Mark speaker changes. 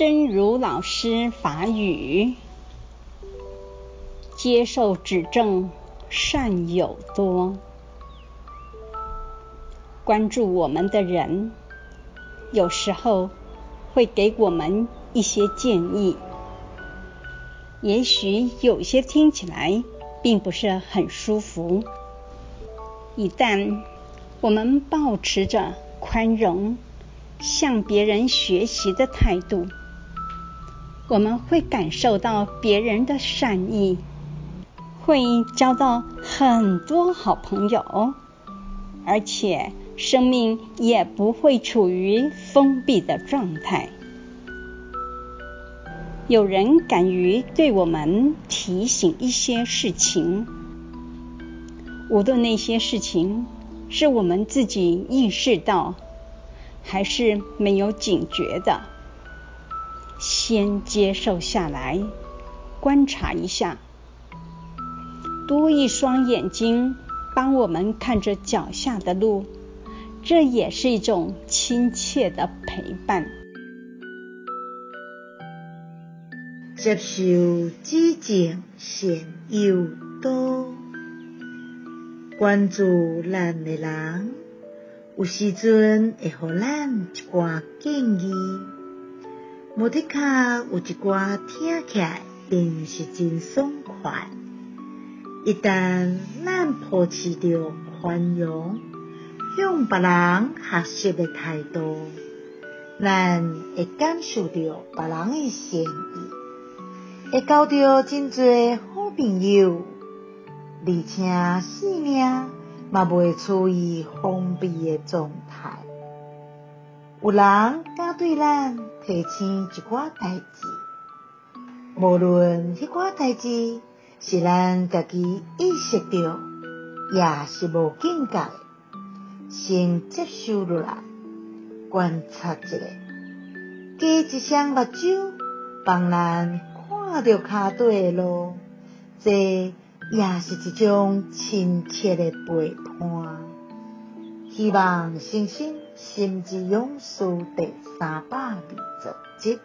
Speaker 1: 真如老師法語接受指正，善友多。關注我們的人，有時候會給我們一些建議，也許有些聽起來並不是很舒服。一旦我們抱持著寬容、向別人學習的態度。我們會感受到別人的善意，會交到很多好朋友，而且生命也不會處於封閉的狀態。有人敢於對我們提醒一些事情，無論那些事情是我們自己意識到，還是沒有警覺的。先接受下來，觀察一下，多一雙眼睛，幫我們看着腳下的路，這也是一種親切的陪伴。
Speaker 2: 接受指正善友多。關注咱的人，有時陣會給咱一掛建議。摩的卡有一寡聽起來並不是真爽快。一旦咱抱持着寬容，向別人學習的態度，咱會感受到別人的善意，會交到真儕好朋友，而且性命嘛未處於封閉的狀態。有人敢對咱提醒一寡代志，無論迄寡代志是咱家己意識到，也是無感界，先接受落來，觀察一下，加一雙目睭幫咱看着骹底的路，這也是一種親切的陪伴。希望新生心，心之勇士第三百二十集。